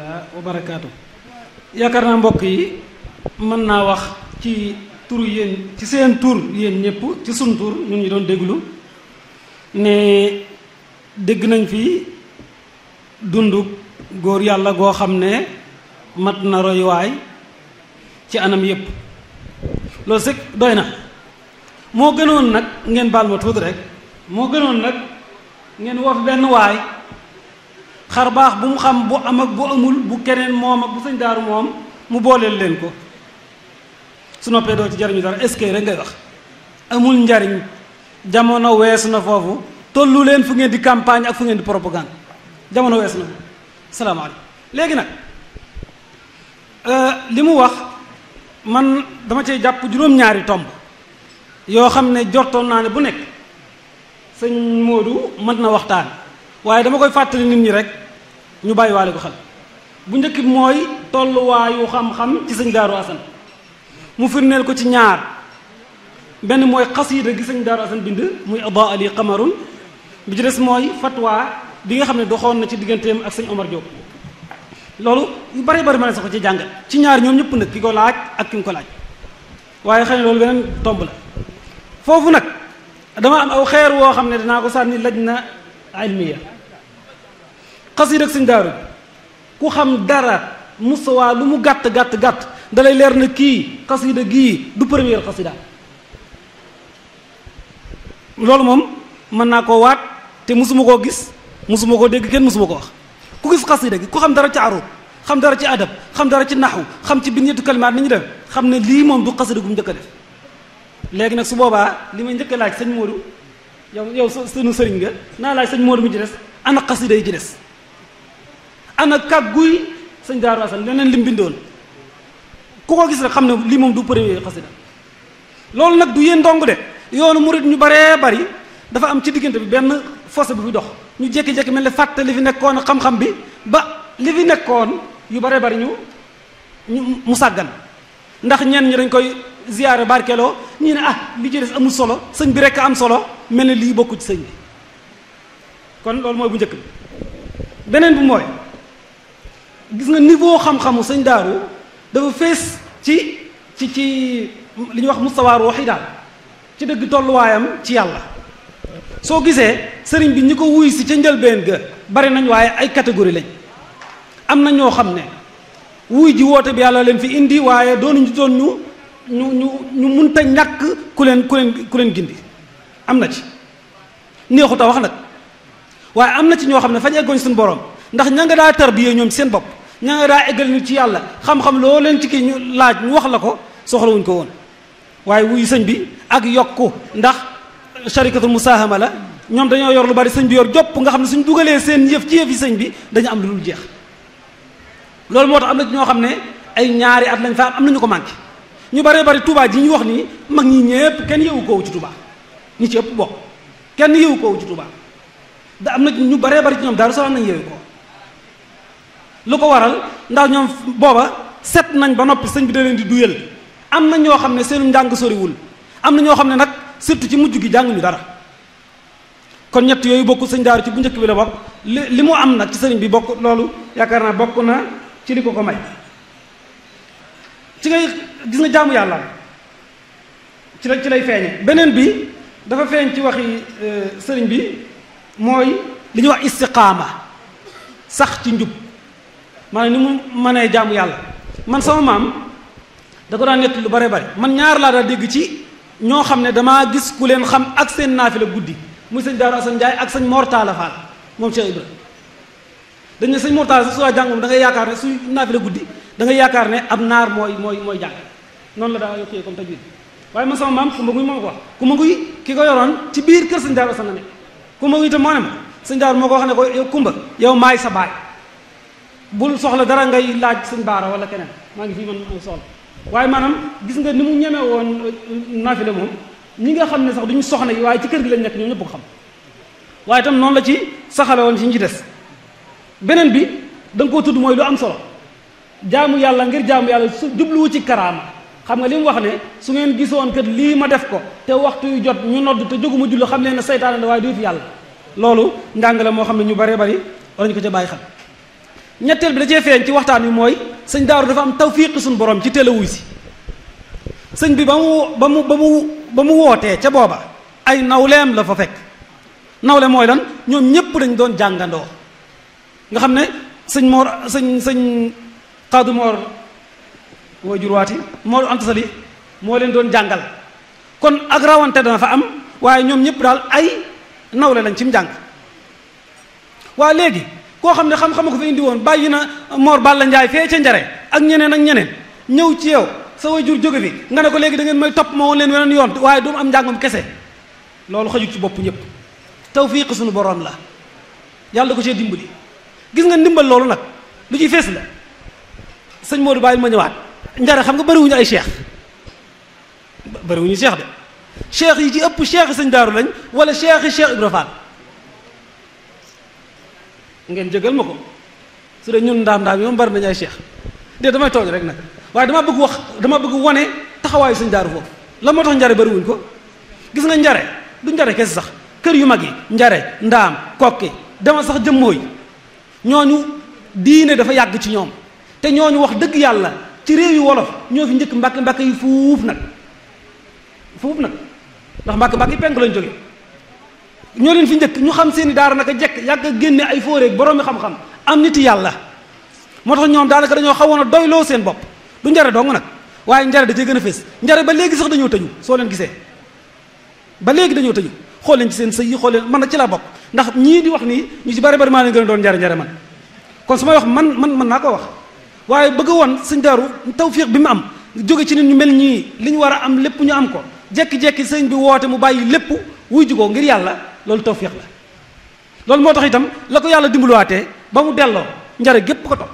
wa barakaatu yaakaar naa mbokk yi mën naa wax ci turu yéen ci seen tur yéen ñëpp ci sun tur ñun ñu doon déglu ne dégg nañ fi dundub góor yàlla goo xam ne mat na royuwaay ci anam yépp loolu sëg doy na moo gënoon nag ngeen baal ma tuuti rek moo gënoon nag ngeen woof benn waay xar baax bu mu xam bu am ak bu amul bu keneen moom ak bu sëñ daaru moom mu booleel leen ko su noppee doo ci jariñu dara est rek ngay wax amul njariñ jamono wees na foofu tollu leen fu ngeen di campagne ak fu ngeen di propagande jamono wees na salaamaaleykum léegi nag euh, li mu wax man dama cee jàpp juróom-ñaari tomb yoo xam ne jortoon naa ne bu nekk sëñ Modou mën na waxtaan waaye dama koy fàttali nit ñi rek ñu bàyyi waale ko xel bu njëkk bi mooy tolluwaayu xam-xam ci sëñ daaru asan mu firneel ko ci ñaar benn mooy xasiida gi sëñ daaru asan bind muy ada ali qamarun bi ci des mooy fatwa bi nga xam ne doxoon na ci digganteem ak sëñ omar Diop loolu yu bare bari ma ne sax ko ci jàngal ci ñaar ñoom ñëpp nag ki ko laaj ak ki nga ko laaj waaye xëy na loolu beneen tomb la foofu nag dama am aw xeer woo xam ne danaa ko sànni laj na ilmiya xasida ak sëñ daaru ku xam dara mustawaa lu mu gàtt gàtt gàtt dalay leer na kii xasida gii du premier xasida loolu moom mën naa koo waat te mosuma koo gis mosuma koo dégg kenn mosuma ko wax ku gis xasida gi ku xam dara ci arut xam dara ci adab xam dara ci naxu xam ci biñetu kalimaat ni ñu def xam ne lii moom du xasida gu mu njëkk a def léegi nag su boobaa li may njëkk a laaj sëñ Modou yow yow sunu sëriñ nga naa laaj sëñ Modou mu ci des ana xasida yi ci des nag ana guy sëñ Daaru Asan leneen lim bindoon ku ko gis rek xam ne lii moom du premier xasida loolu nag du yéen dong de yoonu murit ñu baree bari dafa am ci diggante bi benn fossé bu fi dox ñu jékki-jékki mel ne fàtte li fi nekkoon xam-xam bi ba li fi nekkoon yu baree bari ñu mu sàggan ndax ñenn ñi dañ koy ziyaare barkeloo ñii ne ah li ci des amul solo sëñ bi rek am solo mel ne lii bokku ci sëñ bi kon loolu mooy bu njëkk bi beneen bi mooy gis nga niveau xam-xamu sëñ daaru dafa fees ci ci ci li ñuy wax wax ruuxi daal ci dëgg tolluwaayam ci yàlla soo gisee sëriñ bi ñi ko wuy si ca njëlbeen ga bari nañ waaye ay catégorie lañ am na ñoo xam ne wuy ji woote bi yàlla leen fi indi waaye doonuñu doon ñu ñu ñu ñu munta ñàkk ku leen ku leen ku leen gindi am na ci neexut a wax nag waaye am na ci ñoo xam ne fañ eggoñ suñu borom ndax ña nga daa tarbiyee ñoom seen bopp ña nga daa eggal ñu ci yàlla xam-xam loo leen ci kii ñu laaj ñu wax la ko soxlawuñ ko woon waaye wuyu sëñ bi ak yokku ndax sharikatul musaahama la ñoom dañoo yor lu bari sëñ bi yor jopp nga xam ne suñ dugalee seen yëf ci yëf yi sëñ bi dañu am lu dul jeex loolu moo tax am na ñoo xam ne ay ñaari at lañ fa am am nañu ko manqué ñu baree bari Touba ji ñu wax nii mag ñi ñëpp kenn yëwu koowu ci tubaa ñu ci ëpp bokk kenn yëwu koowu ci Touba da am na ñu baree bari ci ñoom Daaru Salaam nañ yëwu ko lu ko waral ndax ñoom booba set nañ ba noppi sëñ bi da leen di duyal am na ñoo xam ne seenu njàng soriwul am na ñoo xam ne nag surtout ci mujj gi jàng jànguñu dara kon ñett yooyu bokk sëñ daaru ci bu njëkk bi la li mu am nag ci bi bokk loolu yaakaar naa na ci li ko ko may ci ngay gis nga jaamu yàlla ci la ci lay feeñe beneen bi dafa feeñ ci waxi euh, sëriñ bi mooy li ñuy wax istiqaama sax ci njub maanaam ni mu mënee jàmm yàlla man sama maam da ko daan nett lu bare bare man ñaar laa daa dégg ci ñoo xam ne damaa gis ku leen xam ak seen naafila guddi muy sëñ Daaru Asan Njaay ak sëñ Mortala Fall moom Cheikh Ibra dañ ne sëñ Mortala sax su yaakaar ne suy la guddi da ngay yaakaar ne ab naar mooy mooy mooy jàng noonu la daa yokkee comme tajwid waaye man sama maam ku ma guy moo wax ku ma guy ki ko yoroon ci biir kër sëñ Daaru sa na ne ma guy itam sëñ Daaru moo ko wax ne ko yow Kumba yow sa baay bul soxla dara ngay laaj sëñ baara wala keneen maa ngi fii man soxla waaye maanaam gis nga ni mu ñeme woon euh, naafile moom ñi nga xam ne sax duñu soxna yi waaye ci kër gi lañ nekk ñoom ñëpp ko xam waaye itam noonu la ci saxale woon ci ñi des beneen bi da koo tudd mooy lu am solo jaamu yàlla ngir jaamu yàlla su jubluwu ci karaama xam nga li mu wax ne su ngeen gisoon kat lii ma def ko te waxtu yu jot ñu nodd te jóguma jullu xam leen ne saytaane la waaye du yàlla loolu njàng moo xam ne ñu bare bari war ko ca bàyyi xel ñetteel bi da cee feeñ ci waxtaan wi mooy sëñ daaru dafa am tawfiq suñu borom ci teel si sëñ bi ba mu ba mu ba mu wootee ca booba ay nawleem la fa fekk nawle mooy lan ñoom ñépp dañ doon jàngandoo nga xam ne sëñ moor sëñ sëñ xaadu moor mooy jurwaati moor antasali moo leen doon jàngal kon ak rawante dana fa am waaye ñoom ñëpp daal ay nawle lañ ci mu jàng waa léegi koo xam ne xam-xama ko fi indi woon bàyyi na Mor Balla Ndiaye fee ca njare ak ñeneen ak ñeneen ñëw ci yow sa way jur jóge fi nga ne ko léegi da ngeen may topp ma woon leen weneen yoon waaye du mu am njàngum kese loolu xajul ci bopp ñëpp tawfiq suñu borom la yàlla ko cee dimbali gis nga ndimbal loolu nag lu ci fees la sëñ Modou bàyyi ma ñëwaat njare xam nga bëriwuñu ay cheikh bëriwuñu cheikh de cheikh yi ci ëpp cheikh sëñ daaru lañ wala cheikh yi cheikh ngeen jëgal ma ko su dee ñun ndaam ndaam yi bari nañu ay cheikh de damay tooj rek nag waaye dama bëgg wax dama bëgg wane taxawaayu suñ daaru foofu la moo tax njare bariwuñ ko gis nga njare du njare kese sax kër yu mag yi njare ndaam kokki dama sax jëmmooy ñooñu diine dafa yàgg ci ñoom te ñoo ñu wax dëgg yàlla ci réew yu wolof ñoo fi njëkk mbàkk mbàkk yi fuuf nag fuuf nag ndax mbàkk mbàkk yi penk lañ jóge ñoo leen fi njëkk ñu xam seen i daara naka jekk yàgg a génne ay fóoreeg boroomi xam-xam am niti yàlla moo tax ñoom daanaka dañoo xawoon a doyloo seen bopp du njare dong nag waaye njare da cee gën a fees njare ba léegi sax dañoo tëju soo leen gisee ba léegi dañoo tëju xool leen ci seen sëy yi xool leen man na ci laa bopp ndax ñii di wax nii ñu ci bare bari maa leen gën a doon njare njare man kon su may wax man man mën naa ko wax waaye bëgg woon sëñ daaru tawfiq bi mu am jóge ci nit ñu mel ñii li ñu war a am lépp ñu am ko jekki-jekki bi woote mu bàyyi lépp wuy jugoo ngir yàlla loolu tawféex la loolu moo tax itam la ko yàlla dimbaluwaatee ba mu delloo njare gépp ko topp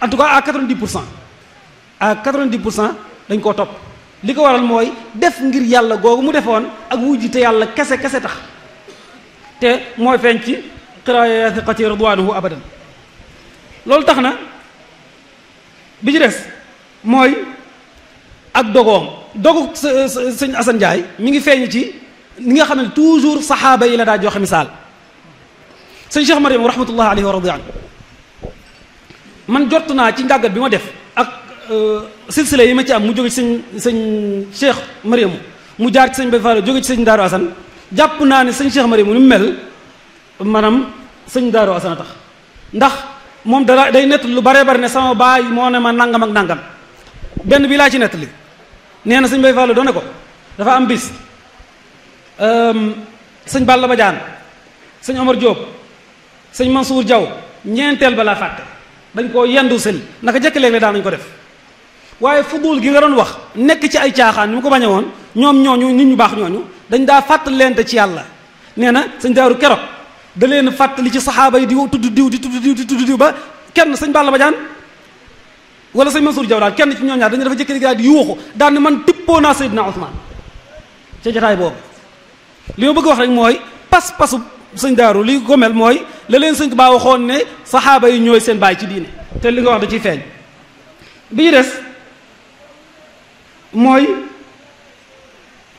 en tout cas à 90 pour cent à 90 pour cent dañ koo topp li ko waral mooy def ngir yàlla googu mu defoon ak wujj te yàlla kese kese tax te mooy feeñ ci xirayaatiqati ridwanuhu abadan loolu tax na bi ci des mooy ak dogoom dogu sëñ Assane Ndiaye mi ngi feeñu ci ni nga xam ne toujours saxaaba yi la daa joxe misaal sëñ Cheikh Mariam rahmatullah alayhi wa radiya man jot naa ci njàggat bi ma def ak euh, silsile yi ma ci am mu jóge ci sëñ sëñ Cheikh Mariam mu jaar ci sëñ Bay Faal jóge ci sëñ Daaru Asan jàpp naa ne sëñ Cheikh Mariam ni mu mel maanaam sëñ Daaru Asan tax ndax moom dara day nett lu baree bari ne sama baay moo ne ma nangam ak nangam benn bi laa ci li nee na sëñ Bay Faal doone ko dafa am bis Ehm, sëñ Balla Badiane sëñ Omar Diop sëñ Mansour Diaw ñeenteel ba laa fàtte dañ koo yendu sëñ naka jëkk leen léeg daan nañ ko def waaye fudul gi nga doon wax nekk ci ay caaxaan ni mu ko bañe woon ñoom ñooñu nit ñu baax ñooñu dañ daa fàttalente ci yàlla nee na sëñ Daaru Keroog da leen fàttali ci saxaaba yi di tudd diw di tudd diw di tudd diw ba kenn sëñ Balla Badiane wala sëñ Mansour Diaw kenn ci ñoom ñaar dañu dafa jëkk léegi daal di yuuxu daal ne man tippoo naa Seydina Ousmane ca boobu li ma bëgg wax rek mooy pas-pasu sëñ daaru li ko mel mooy la leen sëñ baa waxoon ne saxaaba yi ñooy seen baay ci diine te li nga wax da ciy feeñ bi ñu des mooy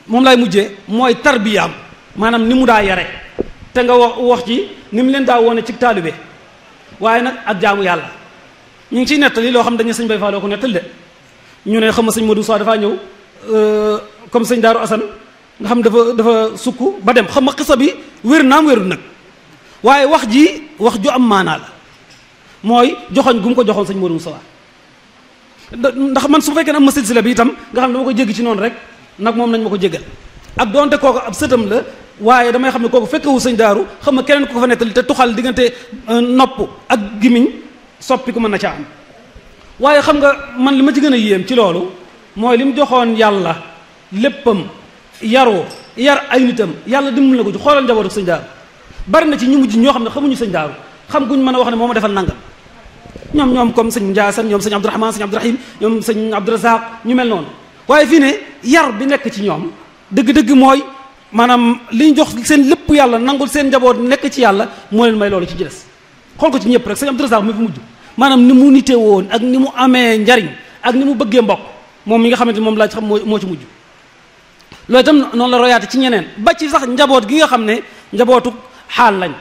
moom lay mujje mooy tarbiyaam maanaam ni mu daa yare te nga wax wax ci ni mu leen daa wone ci taalibe waaye nag ak jaamu yàlla ñu ngi ciy nettali loo xam dañu sëñ Bay Falloo ko nettal de ñu ne xam nga sëñ Modou Sow dafaa ñëw euh, comme sëñ Daaru Asan nga xam dafa dafa sukk ba dem xam ma xisa bi wér naam wérul nag waaye wax ji wax ju am maanaa la mooy joxoñ gu mu ko joxoon sañ sëñ Modou Moussa ndax man su fekkee na am ma silsila bi itam nga xam ne dama ko jéggi ci noonu rek nag moom nañ ma ko jéggal ak donte kooku ab sëtam la waaye damay xam ne kooku fekkewu sëñ daaru xam nga keneen ko fa nettali te tuxal diggante euh, nopp ak gimiñ soppi ku mën na caa am waaye xam nga man li ma ci gën a yéem ci loolu mooy li mu joxoon yàlla léppam yaroo yar ay nitam yàlla dimbali na ko ci xoolal njabootu sëñ daaru bari na ci ñu mujj ñoo xam ne xamuñu sëñ daaru xam guñ mën a wax ne moom ma defal ñoom ñoom comme sëñ Ndiassane ñoom sëñ Abdourahman sëñ Abdourahim ñoom sëñ Abdourazaq ñu mel noonu waaye fii ne yar bi nekk ci ñoom dëgg-dëgg mooy maanaam li ñu jox seen lépp yàlla nangul seen njaboot nekk ci yàlla moo leen may loolu ci des xool ko ci ñëpp rek sëñ Abdourazaq mi fi mujj maanaam ni mu nite woon ak ni mu amee njariñ ak ni mu bëggee mbokk moom mi nga xamante moom laa ci xam moo moo ci mujj loolu itam noonu la royaate ci ñeneen ba ci sax njaboot gi nga xam ne njabootu xaal lañ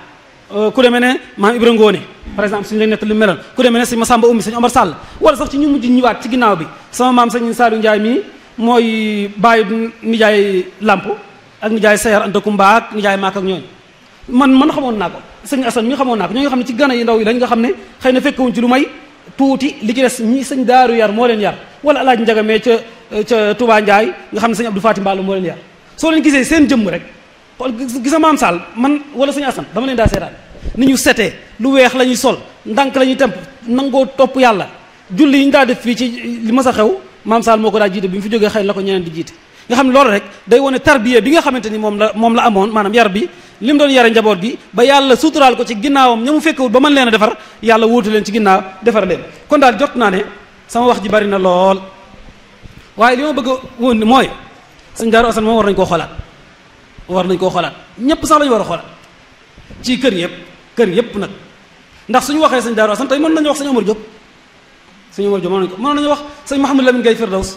euh, ku demee ne maam Ibra Ngoone par exemple suñ lay nett lu meloon ku demee ne sëñ ma Oumy sëñ Omar Sall wala sax ci ñu mujj ñëwaat ci ginnaaw bi sama maam sëñ Saliou Ndiaye mii mooy bàyyi nijaay làmp ak nijaay sayar Anta Kumba ak nijaay maak ak ñooñu man man xamoon naa ko sëñ Assane mi xamoon naa ko ñoo xam ne ci gana yi ndaw yi lañ nga xam ne xëy na fekkewuñ ci lu may tuuti li ci des ñi sëñ daaru yar moo leen yar wala alaaj njagamee Eh, ca Touba Ndiaye nga xam ne sëñ Abdou Fatim Mballo moo leen yar soo leen gisee seen jëmm rek xool gisa maam saal man wala sëñ Assane dama leen daa seetaan ni ñu setee lu weex la ñuy sol ndànk la ñuy temp nangoo topp yàlla julli yi ñu daa def fii ci li mas a xew maam Sall moo ko daa jiite bi mu fi jógee xay la ko ñeneen di jiite nga xam ne loolu rek day wane tarbiya bi nga xamante ni moom la moom la amoon maanaam yar bi li mu doon yare njaboot bi ba yàlla suturaal ko ci ginnaawam ña mu fekkewul ba mën leen defar yàlla wóotu leen ci ginnaaw defar leen kon daal jot naa ne sama wax ji bari na lool waaye li ma bëgg a woon mooy sëñ Daaru Asan moom war nañu koo xoolaat war nañu koo xoolaat ñépp sax lañu war a xoolaat ci kër yëpp kër yëpp nag ndax suñu waxee sëñ Daaru Asan tey mën nañu wax sëñ Omar Diop sëñ Omar Diop mën nañu ko mën nañu wax sëñ Mouhamadou Lamine Gaye Firdaws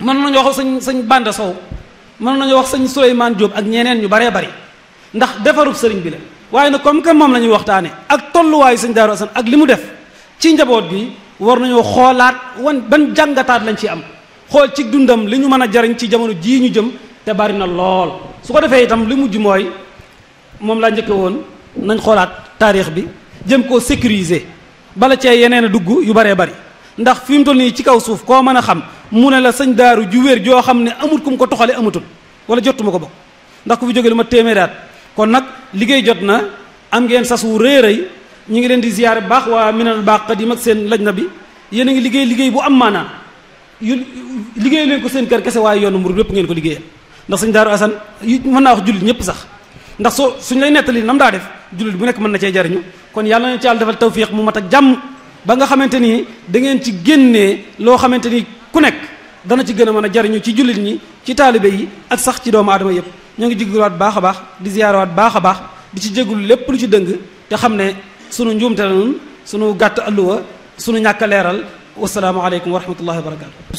mën nañu wax sëñ sëñ Banda Sow mën nañu wax sëñ Souleymane Diop ak ñeneen ñu baree bari ndax defarub sëriñ bi la waaye nag comme que moom lañuy ñuy waxtaane ak tolluwaayu sëñ Daaru Asan ak li mu def ci njaboot bi war nañoo xoolaat wan ban jàngataat lañ ci am xool ci dundam li ñu mën a jariñ ci jamono jii ñu jëm te bari na lool su ko defee itam li mujj mooy moom laa njëkke woon nañ xoolaat taarix bi jëm koo sécuriser bala cee yeneen a dugg yu baree bari ndax fi mu toll nii ci kaw suuf koo mën a xam mu ne la sëñ daaru ju wér joo xam ne amut kum ko toxale amatul wala jotuma ko bokk ndax ku fi jóge lu ma téeméeraat kon nag liggéey jot na am ngeen sas wu rëy rëy ñu ngi leen di ziyaare baax waa minal baax yi mag seen laj na bi yéen a ngi liggéey liggéey bu am maanaa yu liggéey leen ko seen kër kese waaye yoonu murid lépp ngeen ko liggéeyal ndax sëñ Daaru Asan mën naa wax jullit ñëpp sax ndax so suñ lay nettali nam daa def jullit bu nekk mën na cee jariñu kon yàlla na ci yàlla defal tawfiq mu mat ak jàmm ba nga xamante ni da ngeen ci génnee loo xamante ni ku nekk dana ci gën a mën a jariñu ci jullit ñi ci taalibe yi ak sax ci doomu aadama yëpp ñoo ngi jéggaluwaat baax a baax di ziyaarawaat baax a baax di ci jéggul lépp lu ci dëng xam ne sunu njuumte la sunu gàtt alluwa sunu ñàkk leeral wasalaamaaleykum wa rahmatullahi wa barakaatu.